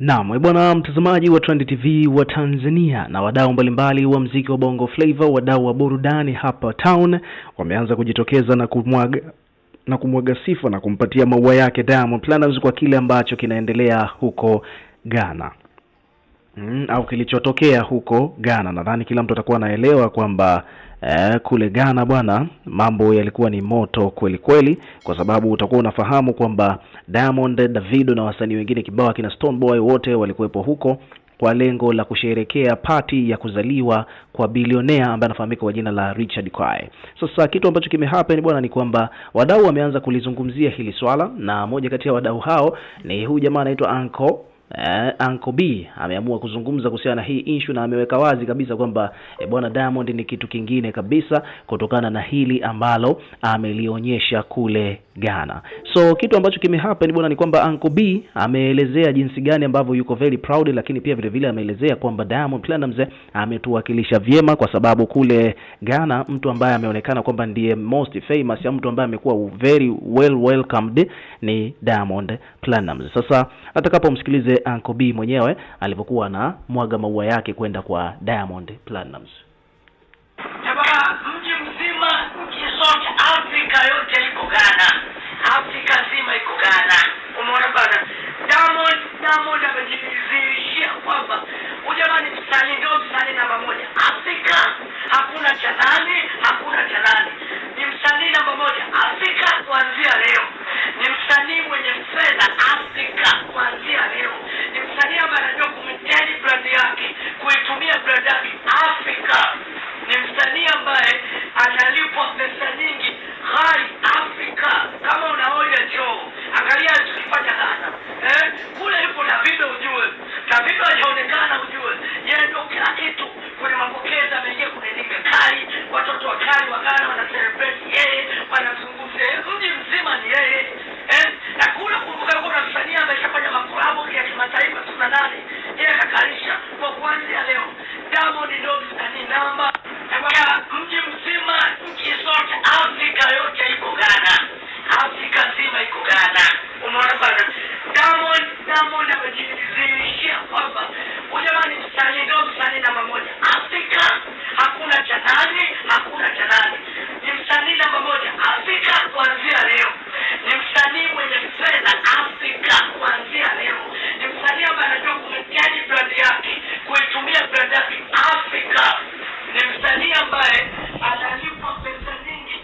Naam, bwana mtazamaji wa Trend TV wa Tanzania na wadau mbalimbali wa mziki wa Bongo Flava, wadau wa burudani hapa town wameanza kujitokeza na kumwaga na kumwaga sifa na kumpatia maua yake Diamond Platnumz kwa kile ambacho kinaendelea huko Ghana. Mm, au kilichotokea huko Ghana. Nadhani kila mtu atakuwa anaelewa kwamba eh, kule Ghana bwana, mambo yalikuwa ni moto kweli kweli, kwa sababu utakuwa unafahamu kwamba Diamond, Davido na wasanii wengine kibao akina Stone Boy wote walikuwepo huko kwa lengo la kusherekea pati ya kuzaliwa kwa bilionea ambaye anafahamika kwa jina la Richard Kwae. Sasa kitu ambacho kimehappen bwana ni kwamba wadau wameanza kulizungumzia hili swala, na moja kati ya wadau hao ni huyu jamaa anaitwa Anko Uh, Uncle B ameamua kuzungumza kuhusiana na hii issue na ameweka wazi kabisa kwamba eh, bwana Diamond ni kitu kingine kabisa kutokana na hili ambalo amelionyesha kule Ghana. So kitu ambacho kimehappen bwana ni kwamba Uncle B ameelezea jinsi gani ambavyo yuko very proud, lakini pia vile vile ameelezea kwamba Diamond Platnumz ametuwakilisha vyema, kwa sababu kule Ghana mtu ambaye ameonekana kwamba ndiye most famous ya mtu ambaye amekuwa very well welcomed ni Diamond Platnumz. Sasa atakapomsikilize Uncle B mwenyewe alipokuwa na mwaga maua yake kwenda kwa Diamond Platinumz. jambo nimejidhihirishia kwamba jamani, msanii dogo, msanii namba moja Afrika, hakuna cha nani, hakuna cha nani, ni msanii namba moja Afrika kuanzia leo, ni msanii mwenye fedha Afrika kuanzia leo, ni msanii ambaye anajua yake, kuitumia yake Afrika, ni msanii ambaye pesa nyingi.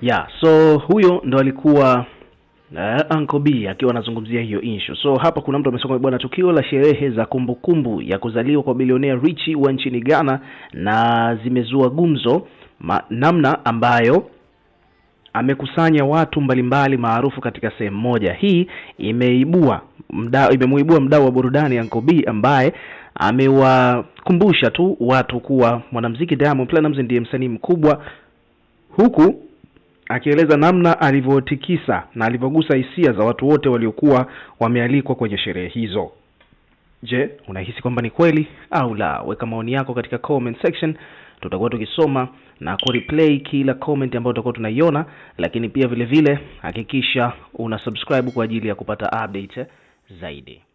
Yeah, so huyo ndo alikuwa Uh, Uncle B akiwa anazungumzia hiyo issue. So hapa kuna mtu amesoma bwana, tukio la sherehe za kumbukumbu kumbu ya kuzaliwa kwa bilionea Richie wa nchini Ghana na zimezua gumzo ma, namna ambayo amekusanya watu mbalimbali maarufu katika sehemu moja. Hii imeibua mda, imemuibua mdau wa burudani Uncle B ambaye amewakumbusha tu watu kuwa mwanamuziki Diamond Platnumz ndiye msanii mkubwa huku akieleza namna alivyotikisa na alivyogusa hisia za watu wote waliokuwa wamealikwa kwenye sherehe hizo. Je, unahisi kwamba ni kweli au la? Weka maoni yako katika comment section, tutakuwa tukisoma na kureplay kila comment ambayo tutakuwa tunaiona, lakini pia vile vile hakikisha una subscribe kwa ajili ya kupata update zaidi.